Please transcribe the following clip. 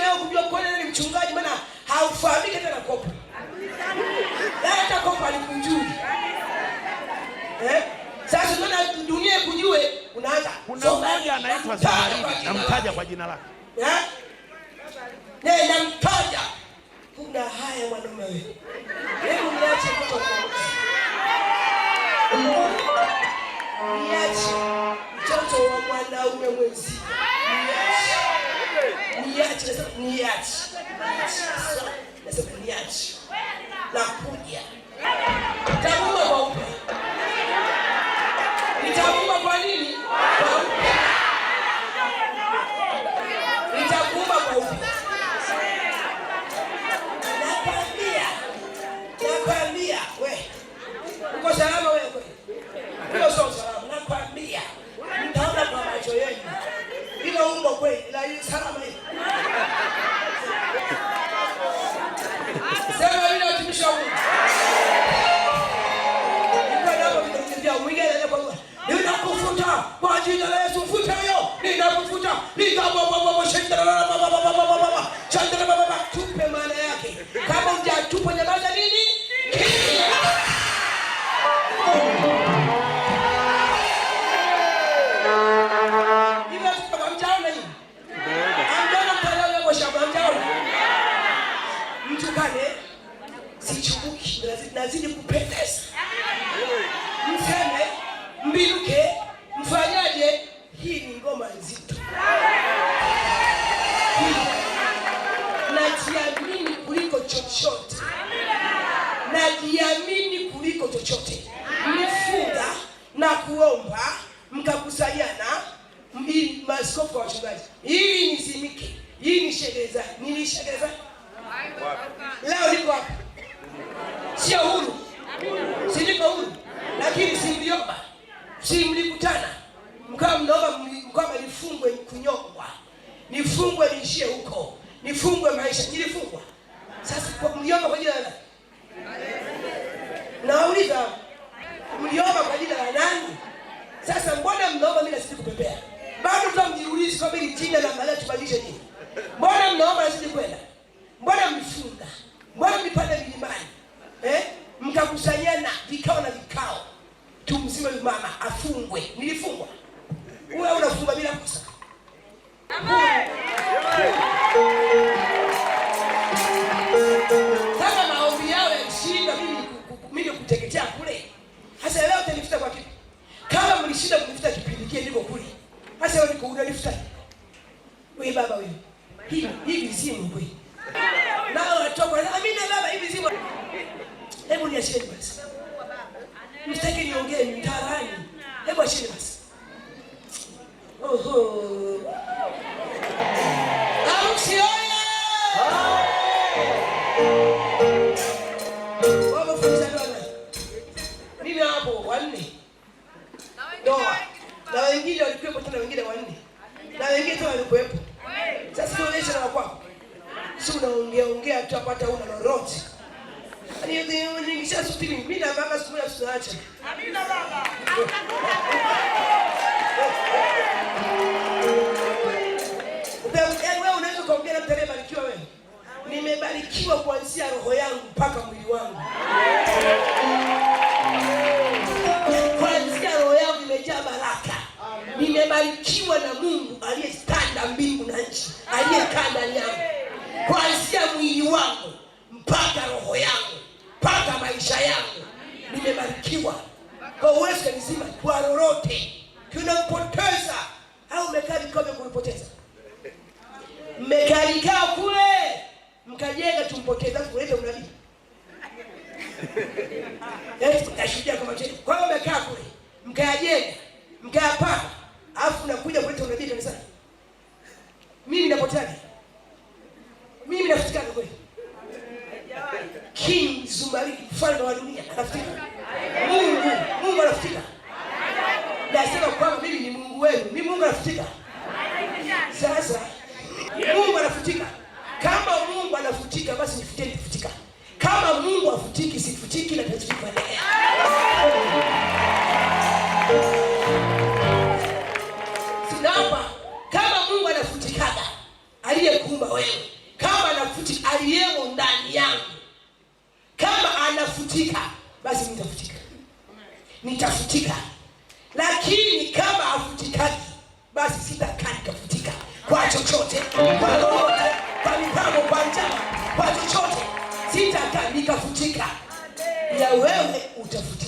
leo kujua kweli ni mchungaji, maana haufahamiki tena na kopo. Hata kopo alikujui. Eh? Sasa unaona dunia kujue unaanza. Kuna mmoja anaitwa Zamaridi, namtaja kwa jina lake. Eh? Ne namtaja. Kuna haya mwanaume wewe. Hebu niache kutoka. Niache mtoto wa mwanaume mwenzi. Niache. Niache niache niache niache, nakuja kwa jina la Yesu ninakufuta baba, tupe maana yake. Kama hujatupa nyamaza nini? nazidi kupendeza ngoma nzito najiamini kuliko chochote, najiamini kuliko chochote. Mfunga na kuomba mkakusanyana, maaskofu kwa wachungaji, ni nizimike, hii ni shegeza, nilishegeza leo, niko hapa, sio huru, si huru, lakini simliomba, simlikutana nifungwe niishie huko, nifungwe maisha. Nilifungwa sasa kwa mliomba kwa jina la Nauliza, mliomba kwa jina la nani? Sasa mbona mnaomba mimi nasije kupepea? Bado tutamjiuliza kwa sababu jina la Malaya tubadilishe nini? Mbona mnaomba nasije kwenda? Mbona mfunga? Mbona mnipanda milimani? Eh? Mkakusanyana vikao na vikao. tumsiwe mama afungwe. nilifu kwa udhalifu sana. Wewe baba wewe. Hivi zimu si Mungu. Nao na amina baba hivi zimu hebu ni ashiri basi. Msitaki niongee mtaani. Hebu ashiri basi. Oho. Nina hapo wanne. Ndoa. Na wengine walikuwa tena wengine wengine tena walikuwepo. Sasa tuonyeshe na kwako, si unaongea ongea tu apata una lolote. Nikisha yaani sutiri mimi na baba siku ya tutaacha. Amina baba. Wewe unaweza kuongea na mtu aliyebarikiwa wewe. Nimebarikiwa kuanzia Yesu aliyekaa ndani yangu, kuanzia mwili wangu mpaka roho yangu mpaka maisha yangu, nimebarikiwa kwa uwezo mzima. Kwa lolote tunampoteza au umekaa vikao vya kumpoteza, mmekalikaa kule mkajenga tumpoteza kuleta unabii Kashuhudia kama cheni. Kwa hiyo mmekaa kule mkayajenga mkayapaa, alafu nakuja kuleta unabii kanisani inapoteaje? Mimi nafutikana kweli. King Zumaridi, mfalme wa dunia anafutika. Mungu, Mungu anafutika. Nasema kwamba mimi ni Mungu wenu, mimi Mungu anafutika. Sasa Mungu anafutika. Kama Mungu anafutika, basi nifuteni nifutika Kama Mungu afutiki, sifutiki na tatizo wewe, kama anafutika aliyemo ndani yangu, kama anafutika basi nitafutika, nitafutika. Lakini kama afutikaki, basi sitakaa nikafutika kwa chochote, kwa lolote, kwa mipango, kwa njama, kwa chochote sitakaa nikafutika, ya wewe utafutika.